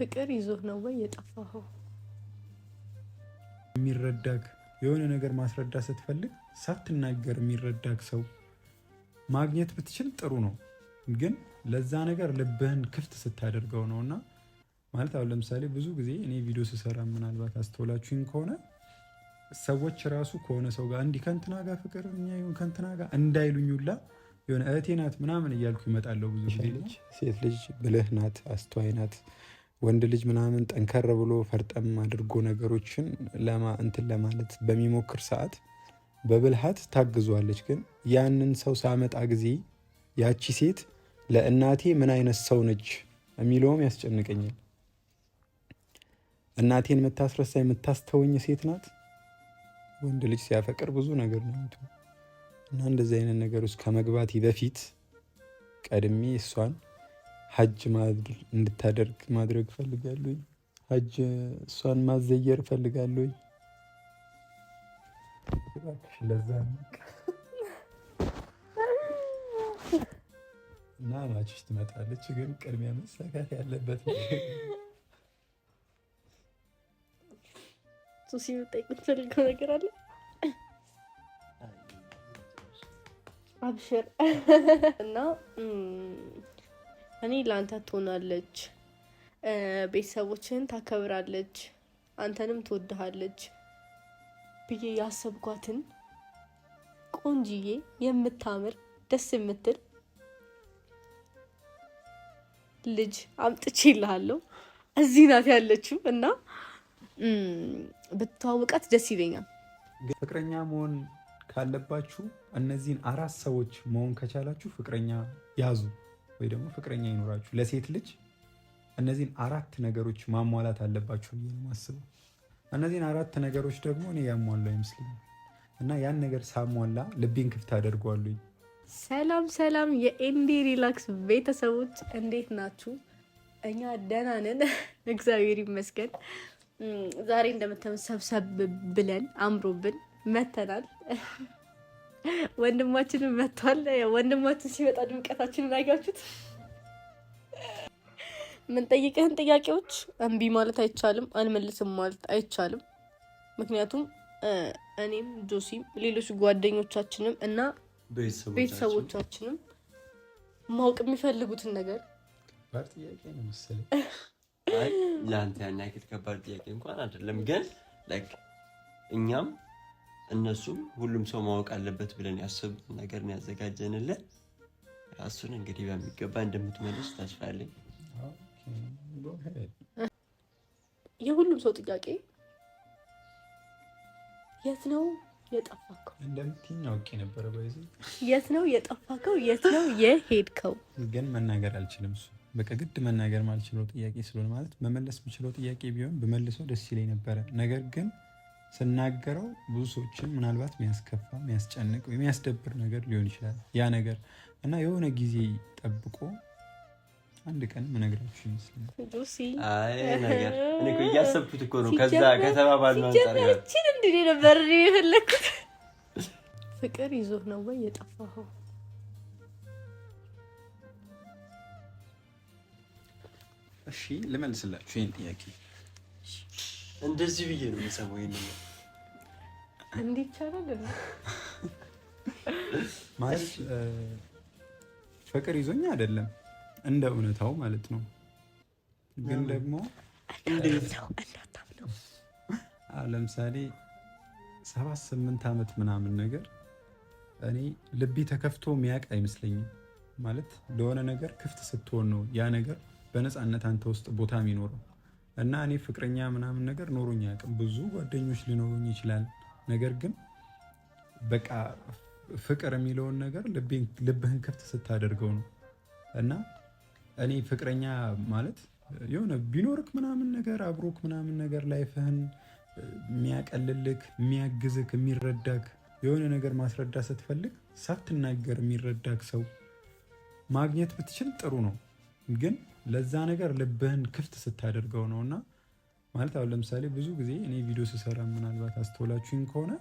ፍቅር ይዞህ ነው ወይ የጠፋኸው? የሚረዳግ የሆነ ነገር ማስረዳ ስትፈልግ ሳትናገር የሚረዳግ ሰው ማግኘት ብትችል ጥሩ ነው። ግን ለዛ ነገር ልብህን ክፍት ስታደርገው ነው እና ማለት አሁን ለምሳሌ ብዙ ጊዜ እኔ ቪዲዮ ስሰራ ምናልባት አስተውላችሁኝ ከሆነ ሰዎች ራሱ ከሆነ ሰው ጋር እንዲህ ከንትና ጋር ፍቅር ሆን ከንትና ጋር እንዳይሉኝ ሁላ የሆነ እህቴ ናት ምናምን እያልኩ ይመጣለው። ብዙ ሴት ልጅ ብልህ ናት፣ አስተዋይ ናት፣ ወንድ ልጅ ምናምን ጠንከር ብሎ ፈርጠም አድርጎ ነገሮችን ለማ እንትን ለማለት በሚሞክር ሰዓት በብልሃት ታግዟለች። ግን ያንን ሰው ሳመጣ ጊዜ ያቺ ሴት ለእናቴ ምን አይነት ሰው ነች የሚለውም ያስጨንቀኛል። እናቴን የምታስረሳ የምታስተወኝ ሴት ናት። ወንድ ልጅ ሲያፈቅር ብዙ ነገር ነው እና እንደዚህ አይነት ነገር ውስጥ ከመግባቴ በፊት ቀድሜ እሷን ሀጅ እንድታደርግ ማድረግ ፈልጋለሁ። ሀጅ እሷን ማዘየር ፈልጋለሁ። እና ማችሽ ትመጣለች፣ ግን ቅድሚያ መሳካት ያለበት ሱሲ ፈልገው ነገር አለ። አብሽር እና እኔ ለአንተ ትሆናለች፣ ቤተሰቦችህን ታከብራለች፣ አንተንም ትወድሃለች ብዬ ያሰብኳትን ቆንጅዬ የምታምር ደስ የምትል ልጅ አምጥቼ ይልሃለሁ። እዚህ ናት ያለችው እና ብትተዋወቃት ደስ ይለኛል። ፍቅረኛ መሆን ካለባችሁ እነዚህን አራት ሰዎች መሆን ከቻላችሁ ፍቅረኛ ያዙ። ወይ ደግሞ ፍቅረኛ ይኖራችሁ ለሴት ልጅ እነዚህን አራት ነገሮች ማሟላት አለባችሁ ብዬ ነው የማስበው። እነዚህን አራት ነገሮች ደግሞ እኔ ያሟላው ይመስለኛል እና ያን ነገር ሳሟላ ልቤን ክፍት አደርጓሉ ሰላም ሰላም፣ የኤንዲ ሪላክስ ቤተሰቦች እንዴት ናችሁ? እኛ ደህና ነን፣ እግዚአብሔር ይመስገን። ዛሬ እንደምታዩት ሰብሰብ ብለን አምሮብን መተናል። ወንድማችንን መጥቷል። ወንድማችን ሲመጣ ድምቀታችንን ምን የምንጠይቅህን ጥያቄዎች እምቢ ማለት አይቻልም፣ አልመልስም ማለት አይቻልም። ምክንያቱም እኔም ጆሲም ሌሎች ጓደኞቻችንም እና ቤተሰቦቻችንም ማወቅ የሚፈልጉትን ነገር ጥያቄ ነው መሰለኝ። ለአንተ ያን ያክል ከባድ ጥያቄ እንኳን አይደለም፣ ግን እኛም እነሱም ሁሉም ሰው ማወቅ አለበት ብለን ያሰቡትን ነገር ነው ያዘጋጀንልን። እሱን እንግዲህ በሚገባ እንደምትመልስ ተስፋ አለኝ። የሁሉም ሰው ጥያቄ የት ነው የጠፋከው? እንደምትይኝ አውቄ ነበረ። የት ነው የጠፋከው? የት ነው የሄድከው? ግን መናገር አልችልም። እሱ በቃ ግድ መናገር ማልችለው ጥያቄ ስለሆነ ማለት መመለስ የምችለው ጥያቄ ቢሆን በመልሰው ደስ ይለኝ ነበረ ነገር ግን ስናገረው ብዙ ሰዎችን ምናልባት የሚያስከፋ የሚያስጨንቅ ወይም የሚያስደብር ነገር ሊሆን ይችላል ያ ነገር እና የሆነ ጊዜ ጠብቆ አንድ ቀን ምነግራችሁ ይመስለኛል። እኮ እያሰብኩት እኮ ነው። ከዛ ከተባባል አንጻር እንድ ነበር የፈለግኩት። ፍቅር ይዞ ነው ወይ የጠፋኸው? እሺ ልመልስላችሁ ይህን ጥያቄ እንደዚህ ብዬ ነው የምሰማው። ይሄን እንዲህ ይቻላል ማለት ፍቅር ይዞኝ አይደለም እንደ እውነታው ማለት ነው። ግን ደግሞ ለምሳሌ ሰባት ስምንት ዓመት ምናምን ነገር እኔ ልቤ ተከፍቶ ሚያቅ አይመስለኝም። ማለት ለሆነ ነገር ክፍት ስትሆን ነው ያ ነገር በነፃነት አንተ ውስጥ ቦታ የሚኖረው እና እኔ ፍቅረኛ ምናምን ነገር ኖሮኝ አያውቅም። ብዙ ጓደኞች ሊኖሩኝ ይችላል። ነገር ግን በቃ ፍቅር የሚለውን ነገር ልብህን ክፍት ስታደርገው ነው። እና እኔ ፍቅረኛ ማለት የሆነ ቢኖርክ ምናምን ነገር አብሮክ ምናምን ነገር ላይፍህን የሚያቀልልክ፣ የሚያግዝክ፣ የሚረዳክ የሆነ ነገር ማስረዳ ስትፈልግ ሳትናገር የሚረዳክ ሰው ማግኘት ብትችል ጥሩ ነው። ግን ለዛ ነገር ልብህን ክፍት ስታደርገው ነው እና ማለት አሁን ለምሳሌ ብዙ ጊዜ እኔ ቪዲዮ ስሰራ ምናልባት አስተውላችሁኝ ከሆነ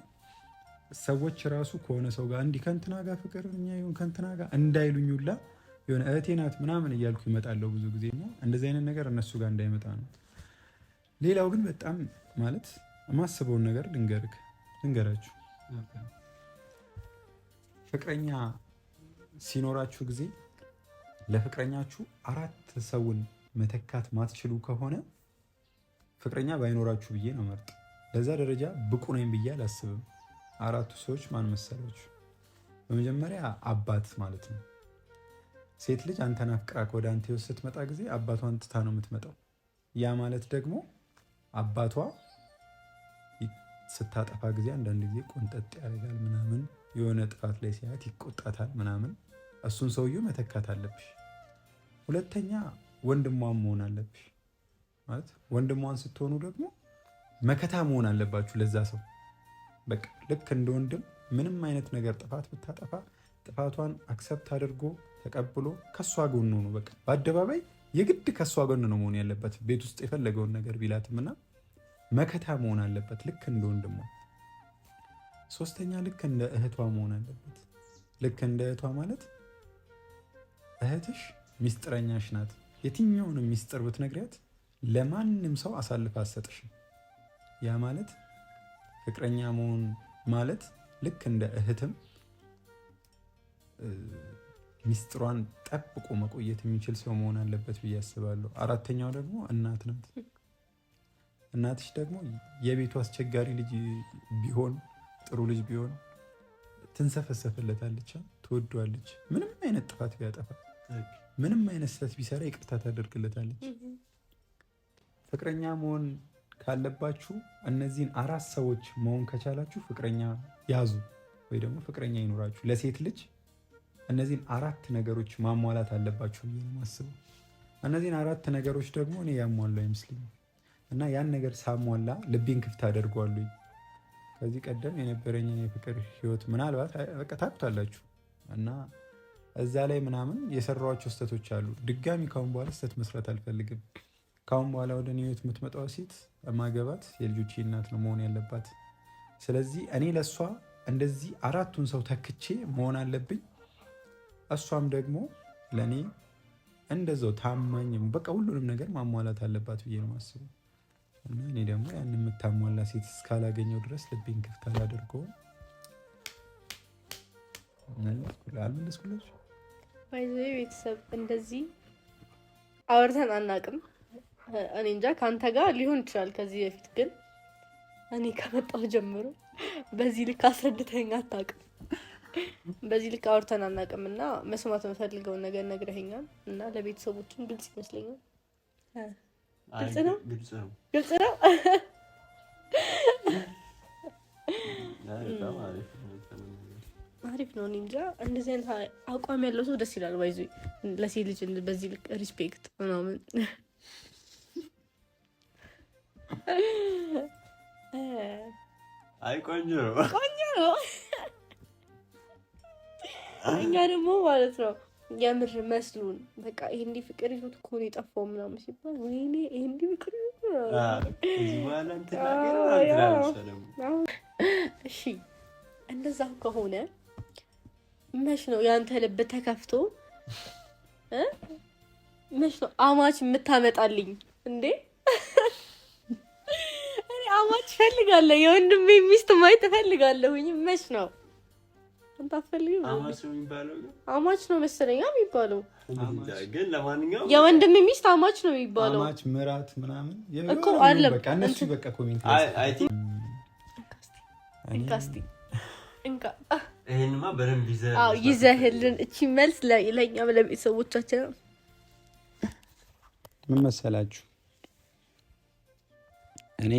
ሰዎች ራሱ ከሆነ ሰው ጋር እንዲህ ከንትና ጋር ፍቅር ሆን ከንትና ጋር እንዳይሉኙላ የሆነ እህቴ ናት ምናምን እያልኩ ይመጣለው ብዙ ጊዜ እና እንደዚህ አይነት ነገር እነሱ ጋር እንዳይመጣ ነው። ሌላው ግን በጣም ማለት የማስበውን ነገር ልንገርክ ልንገራችሁ ፍቅረኛ ሲኖራችሁ ጊዜ ለፍቅረኛችሁ አራት ሰውን መተካት ማትችሉ ከሆነ ፍቅረኛ ባይኖራችሁ ብዬ ነው መርጥ። ለዛ ደረጃ ብቁ ነኝ ብዬ አላስብም። አራቱ ሰዎች ማን መሰላችሁ? በመጀመሪያ አባት ማለት ነው። ሴት ልጅ አንተን አፍቅራክ ወደ አንተ ስትመጣ ጊዜ አባቷን ትታ ነው የምትመጣው። ያ ማለት ደግሞ አባቷ ስታጠፋ ጊዜ አንዳንድ ጊዜ ቆንጠጥ ያደርጋል ምናምን፣ የሆነ ጥፋት ላይ ሲያት ይቆጣታል ምናምን። እሱን ሰውዬው መተካት አለብሽ። ሁለተኛ ወንድሟን መሆን አለብሽ። ማለት ወንድሟን ስትሆኑ ደግሞ መከታ መሆን አለባችሁ ለዛ ሰው በቃ ልክ እንደ ወንድም ምንም አይነት ነገር ጥፋት ብታጠፋ ጥፋቷን አክሰፕት አድርጎ ተቀብሎ ከእሷ ጎን ነው። በቃ በአደባባይ የግድ ከእሷ ጎን ነው መሆን ያለበት። ቤት ውስጥ የፈለገውን ነገር ቢላትም እና መከታ መሆን አለበት ልክ እንደ ወንድሟ። ሶስተኛ ልክ እንደ እህቷ መሆን አለበት። ልክ እንደ እህቷ ማለት እህትሽ ሚስጥረኛሽ ናት። የትኛውንም ሚስጥር ብትነግሪያት ለማንም ሰው አሳልፈ አትሰጥሽም። ያ ማለት ፍቅረኛ መሆን ማለት ልክ እንደ እህትም ሚስጥሯን ጠብቆ መቆየት የሚችል ሰው መሆን አለበት ብዬ አስባለሁ። አራተኛው ደግሞ እናት ናት። እናትሽ ደግሞ የቤቱ አስቸጋሪ ልጅ ቢሆን ጥሩ ልጅ ቢሆን ትንሰፈሰፍለታለች፣ ትወዷለች። ምንም አይነት ጥፋት ቢያጠፋ ምንም አይነት ስህተት ቢሰራ ይቅርታ ታደርግለታለች። ፍቅረኛ መሆን ካለባችሁ እነዚህን አራት ሰዎች መሆን ከቻላችሁ ፍቅረኛ ያዙ ወይ ደግሞ ፍቅረኛ ይኖራችሁ። ለሴት ልጅ እነዚህን አራት ነገሮች ማሟላት አለባችሁ ብዬ ነው የማስበው። እነዚህን አራት ነገሮች ደግሞ እኔ ያሟላው አይመስለኝም እና ያን ነገር ሳሟላ ልቤን ክፍት አደርጓሉ ከዚህ ቀደም የነበረኝን የፍቅር ህይወት ምናልባት በቃ ታውቁታላችሁ እና እዛ ላይ ምናምን የሰራኋቸው ስህተቶች አሉ። ድጋሚ ካሁን በኋላ ስህተት መስራት አልፈልግም። ካሁን በኋላ ወደ እኔ ሕይወት የምትመጣው ሴት ማገባት የልጆች እናት ነው መሆን ያለባት። ስለዚህ እኔ ለእሷ እንደዚህ አራቱን ሰው ተክቼ መሆን አለብኝ። እሷም ደግሞ ለእኔ እንደዛው ታማኝ በቃ ሁሉንም ነገር ማሟላት አለባት ብዬ ነው ማስቡ እና እኔ ደግሞ ያን የምታሟላ ሴት እስካላገኘው ድረስ ልቤን ክፍት አላደርገውም። ባይዘ ቤተሰብ እንደዚህ አወርተን አናቅም እኔ እንጃ ከአንተ ጋር ሊሆን ይችላል ከዚህ በፊት ግን እኔ ከመጣሁ ጀምሮ በዚህ ልክ አስረድተኝ አታውቅም። በዚህ ልክ አውርተን አናውቅም እና መስማት የምፈልገውን ነገር ነግረኸኛል እና ለቤተሰቦችም ግልጽ ይመስለኛል። ግልጽ ነው፣ ግልጽ ነው። አሪፍ ነው። እንጃ እንደዚህ አይነት አቋም ያለው ሰው ደስ ይላል። ባይዞ ለሴት ልጅ በዚህ ልክ ሪስፔክት ምናምን አይ ቆንጆ ነው ቆንጆ ነው። እኛ ደግሞ ማለት ነው የምር መስሉን በቃ እንዲህ ፍቅር ይዞት እኮ ነው የጠፋው ምናምን ሲባል ወይኔ ይሄን ፍቅር ይዞት እሺ እንደዛ ከሆነ መች ነው ያንተ ልብ ተከፍቶ መች ነው አማች የምታመጣልኝ እንዴ? እኔ አማች እፈልጋለሁ። የወንድሜ ሚስት ማየት እፈልጋለሁኝ። መች ነው አንተ አትፈልግም? አማች ነው መሰለኝ የሚባለው። የወንድሜ ሚስት አማች ነው የሚባለው። አማች ምራት ምናምን እኮ በቃ እነሱ በቃ ኮሜንት ይሄንማ በደንብ ይዘህ አዎ፣ ይዘህልን። እቺ መልስ ለእኛም ለቤተሰቦቻችን ምን መሰላችሁ፣ እኔ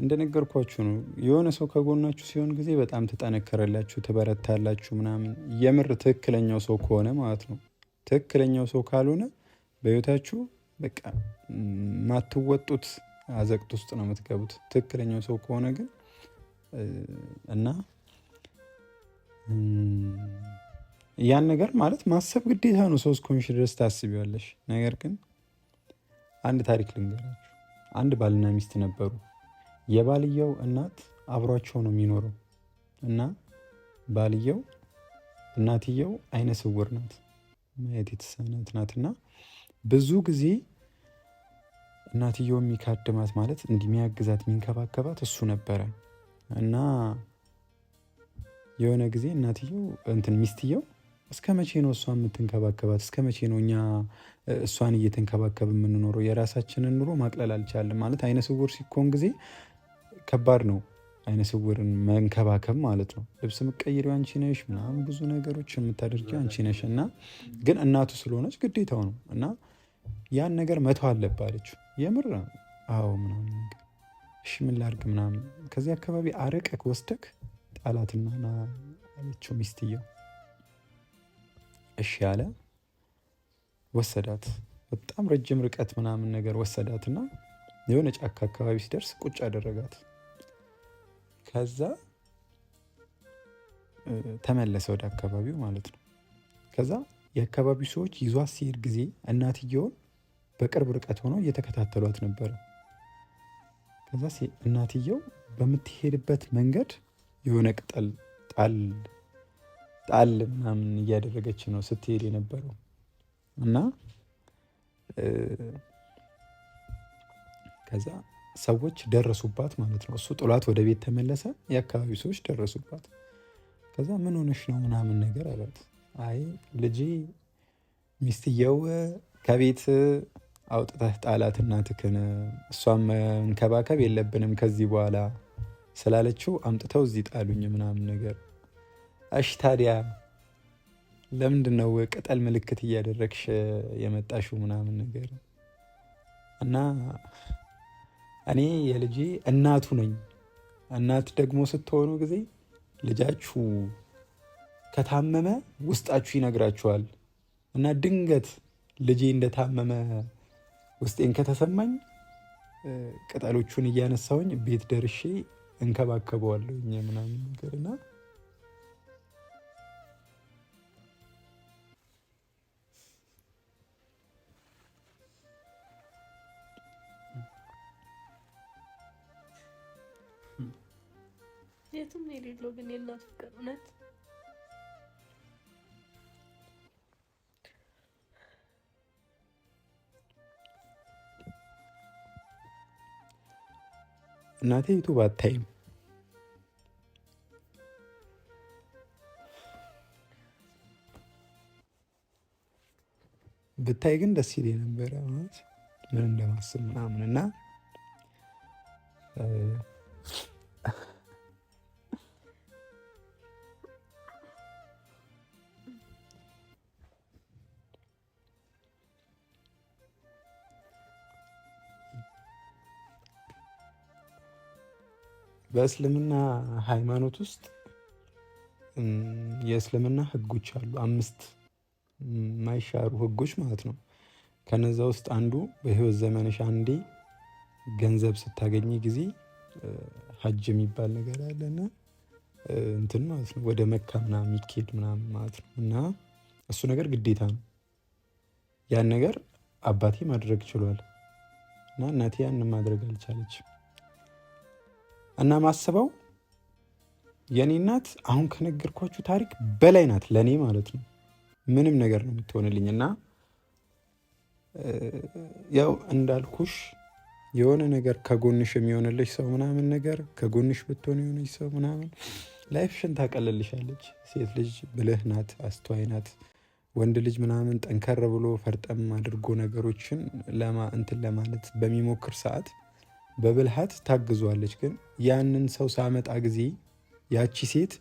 እንደነገርኳችሁ ነው። የሆነ ሰው ከጎናችሁ ሲሆን ጊዜ በጣም ትጠነከረላችሁ፣ ትበረታላችሁ ምናምን። የምር ትክክለኛው ሰው ከሆነ ማለት ነው። ትክክለኛው ሰው ካልሆነ በህይወታችሁ በቃ ማትወጡት አዘቅት ውስጥ ነው የምትገቡት። ትክክለኛው ሰው ከሆነ ግን እና ያን ነገር ማለት ማሰብ ግዴታ ነው። ሰው እስከሆንሽ ድረስ ታስቢዋለሽ። ነገር ግን አንድ ታሪክ ልንገራችሁ። አንድ ባልና ሚስት ነበሩ። የባልየው እናት አብሯቸው ነው የሚኖረው እና ባልየው እናትየው አይነ ስውር ናት፣ ማየት የተሳናት እና ብዙ ጊዜ እናትየው የሚካድማት ማለት እንዲህ የሚያግዛት የሚንከባከባት እሱ ነበረ። እና የሆነ ጊዜ እናትየው እንትን ሚስትየው እስከ መቼ ነው እሷ የምትንከባከባት? እስከ መቼ ነው እኛ እሷን እየተንከባከብ የምንኖረው? የራሳችንን ኑሮ ማቅለል አልቻለም ማለት አይነ ስውር ሲኮን ጊዜ ከባድ ነው። አይነ ስውርን መንከባከብ ማለት ነው። ልብስ የምትቀይሪው አንቺ ነሽ፣ ምናምን ብዙ ነገሮች የምታደርጊው አንቺ ነሽ እና ግን እናቱ ስለሆነች ግዴታው ነው እና ያን ነገር መተው አለባለች። የምር አዎ ምናምን ነገር እሺ ምን ላድርግ ምናምን ከዚህ አካባቢ አረቀክ ወስደክ ጣላትና ና አለችው ሚስትየው። እሺ አለ። ወሰዳት በጣም ረጅም ርቀት ምናምን ነገር ወሰዳትና የሆነ ጫካ አካባቢ ሲደርስ ቁጭ አደረጋት። ከዛ ተመለሰ ወደ አካባቢው ማለት ነው። ከዛ የአካባቢው ሰዎች ይዟት ሲሄድ ጊዜ እናትየውን በቅርብ ርቀት ሆነው እየተከታተሏት ነበረ። ከዛ እናትየው በምትሄድበት መንገድ የሆነ ቅጠል ጣል ጣል ምናምን እያደረገች ነው ስትሄድ የነበረው እና ከዛ ሰዎች ደረሱባት ማለት ነው። እሱ ጥሏት ወደ ቤት ተመለሰ። የአካባቢው ሰዎች ደረሱባት። ከዛ ምን ሆነሽ ነው ምናምን ነገር አላት። አይ ልጄ ሚስትየው ከቤት አውጥተህ ጣላት እናትህን፣ እሷም መንከባከብ የለብንም ከዚህ በኋላ ስላለችው አምጥተው እዚህ ጣሉኝ ምናምን ነገር። እሽ ታዲያ ለምንድን ነው ቅጠል ምልክት እያደረግሽ የመጣሽው ምናምን ነገር እና እኔ የልጄ እናቱ ነኝ። እናት ደግሞ ስትሆኑ ጊዜ ልጃችሁ ከታመመ ውስጣችሁ ይነግራችኋል እና ድንገት ልጄ እንደታመመ ውስጤን ከተሰማኝ ቅጠሎቹን እያነሳውኝ ቤት ደርሼ እንከባከበዋለሁ ምናምን ነገርና የትም የሌለው ግን የእናት ፍቅር እውነት እናቴ ዩቱብ አታይም። ብታይ ግን ደስ ይል የነበረ ምን እንደማስብ ምናምን እና በእስልምና ሃይማኖት ውስጥ የእስልምና ህጎች አሉ። አምስት ማይሻሩ ህጎች ማለት ነው። ከነዛ ውስጥ አንዱ በህይወት ዘመንሽ አንዴ ገንዘብ ስታገኝ ጊዜ ሀጅ የሚባል ነገር አለና እንትን ማለት ነው ወደ መካ ምናምን የሚካሄድ ምናምን ማለት ነው እና እሱ ነገር ግዴታ ነው። ያን ነገር አባቴ ማድረግ ችሏል እና እናቴ ያንን ማድረግ አልቻለችም። እና ማስበው የኔ እናት አሁን ከነገርኳችሁ ታሪክ በላይ ናት ለእኔ ማለት ነው። ምንም ነገር ነው የምትሆንልኝ እና ያው እንዳልኩሽ የሆነ ነገር ከጎንሽ የሚሆንልሽ ሰው ምናምን ነገር ከጎንሽ ብትሆን የሆነች ሰው ምናምን ላይፍሽን ታቀለልሻለች። ሴት ልጅ ብልህ ናት፣ አስተዋይ ናት። ወንድ ልጅ ምናምን ጠንከር ብሎ ፈርጠም አድርጎ ነገሮችን ለማ እንትን ለማለት በሚሞክር ሰዓት በብልሃት ታግዟለች። ግን ያንን ሰው ሳመጣ ጊዜ ያቺ ሴት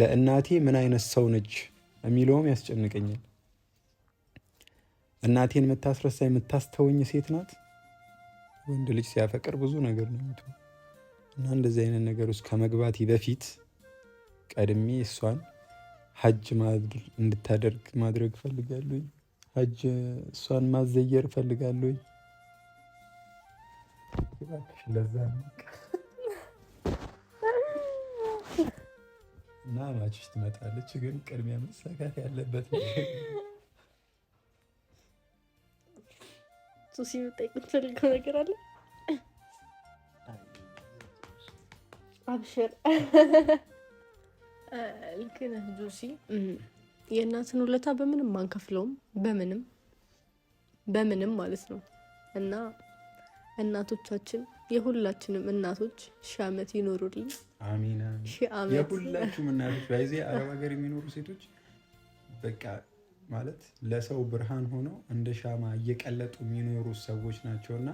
ለእናቴ ምን አይነት ሰው ነች የሚለውም ያስጨንቀኛል። እናቴን የምታስረሳ የምታስተውኝ ሴት ናት። ወንድ ልጅ ሲያፈቅር ብዙ ነገር ነው እና እንደዚህ አይነት ነገር ውስጥ ከመግባቴ በፊት ቀድሜ እሷን ሀጅ እንድታደርግ ማድረግ እፈልጋለሁ። ሀጅ እሷን ማዘየር እፈልጋለሁ። ለዛ እና ማችሽ ትመጣለች። ግን ቅድሚያ መሳካት ያለበት ነገር አለ። አብሽር ልክ ነህ ጆሲ። የእናትን ውለታ በምንም አንከፍለውም፣ በምንም በምንም ማለት ነው እና እናቶቻችን የሁላችንም እናቶች ሺ ዓመት ይኖሩልን። የሁላችሁም እናቶች ባይዜ አረብ ሀገር የሚኖሩ ሴቶች በቃ ማለት ለሰው ብርሃን ሆነው እንደ ሻማ እየቀለጡ የሚኖሩ ሰዎች ናቸው እና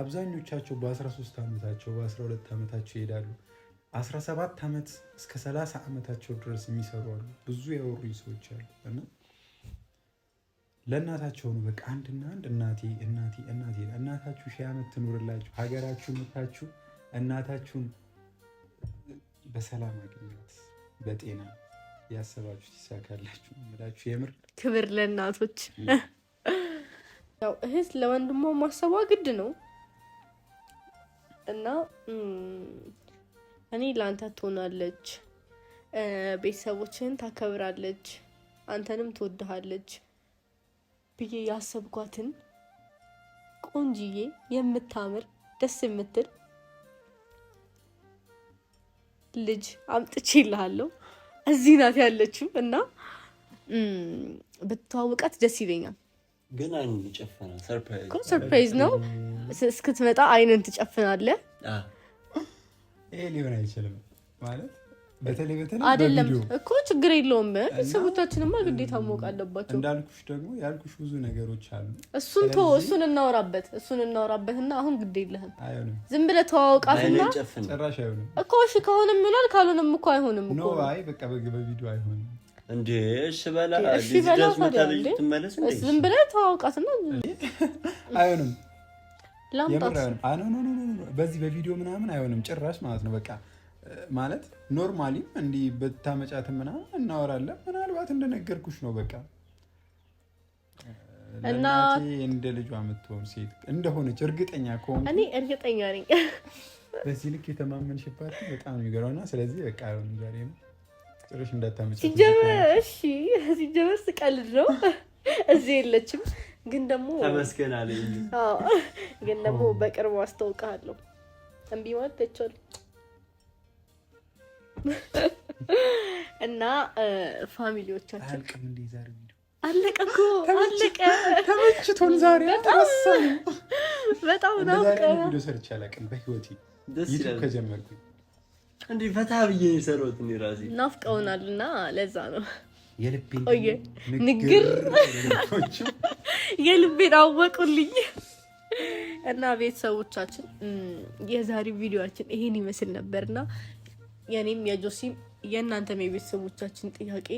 አብዛኞቻቸው በ13 ዓመታቸው በ12 ዓመታቸው ይሄዳሉ። 17 ዓመት እስከ 30 ዓመታቸው ድረስ የሚሰሩ አሉ። ብዙ ያወሩኝ ሰዎች አሉ እና ለእናታቸው ነው። በቃ አንድና አንድ እናቴ እናቴ እናቴ። እናታችሁ ሺህ ዓመት ትኖርላችሁ፣ ሀገራችሁ ምታችሁ፣ እናታችሁን በሰላም አግኘት በጤና ያሰባችሁ ይሳካላችሁ ምላችሁ። የምር ክብር ለእናቶች። ያው እህት ለወንድሟ ማሰቧ ግድ ነው እና እኔ ለአንተ ትሆናለች፣ ቤተሰቦችህን ታከብራለች፣ አንተንም ትወድሃለች ብዬ ያሰብኳትን ቆንጅዬ የምታምር ደስ የምትል ልጅ አምጥቼ ይልሃለሁ። እዚህ ናት ያለችው እና ብትተዋወቃት ደስ ይለኛል። ግን ሰርፕራይዝ ነው። እስክትመጣ አይንን ትጨፍናለህ። ይሄ ሊሆን አይችልም ማለት በተለይ በተለይ አይደለም እኮ ችግር የለውም። ቤተሰቦቻችንማ ግዴታ ማወቅ አለባቸው። እንዳልኩሽ ደግሞ ያልኩሽ ብዙ ነገሮች አሉ። እሱን ቶ እሱን እናወራበት እሱን እናወራበት እና አሁን ግድ የለህም። ዝም ብለህ ተዋውቃትና ጭራሽ አይሆንም እኮ እሺ፣ ከሆነም ይሆናል ካልሆነም እኮ አይሆንም እኮ አይ በቃ በቪዲዮ አይሆንም እንዴ እሺ በላ እሺ በላ ዝም ብለህ ተዋውቃትና አይሆንም ላምጣት በዚህ በቪዲዮ ምናምን አይሆንም ጭራሽ ማለት ነው በቃ ማለት ኖርማሊም እንዲህ ብታመጫትን ምናምን እናወራለን። ምናልባት እንደነገርኩሽ ነው በቃ እናቴ እንደ ልጇ የምትሆን ሴት እንደሆነች እርግጠኛ ከሆነ እኔ እርግጠኛ ነኝ። በዚህ ልክ የተማመንሽባት በጣም የሚገርመውና ስለዚህ በቃ ዛሬ ነው ጭራሽ እንዳታመጪ። ሲጀመር ስቀልድ ነው፣ እዚህ የለችም። ግን ደግሞ ተመስገን አለኝ። ግን ደግሞ በቅርቡ አስታውቅሃለሁ። እምቢ ማለት ተቻለ እና ፋሚሊዎቻችን አለቀ እኮ አለቀ። ተመችቶን ዛሬ አልተመሰሉ በጣም ናውቀ ሰርቼ አላውቅም በህይወቴ ዩቱብ ከጀመርኩኝ እንደ ፈታ ብዬ የሰሩት ራሴ ናፍቀውናል እና ለዛ ነው ንግር የልቤን አወቁልኝ። እና ቤተሰቦቻችን የዛሬ ቪዲዮችን ይሄን ይመስል ነበርና የኔም የጆሲም የእናንተም የቤተሰቦቻችን ጥያቄ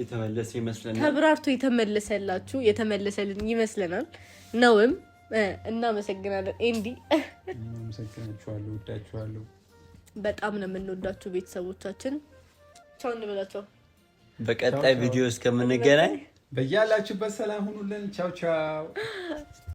የተመለሰ ይመስለናል። ተብራርቶ የተመለሰላችሁ የተመለሰልን ይመስለናል ነውም። እናመሰግናለን። ኤንዲ እናመሰግናችኋለሁ። ወዳችኋለሁ። በጣም ነው የምንወዳችሁ ቤተሰቦቻችን። ቻው እንበላቸው። በቀጣይ ቪዲዮ እስከምንገናኝ በያላችሁበት ሰላም ሁኑልን። ቻው ቻው።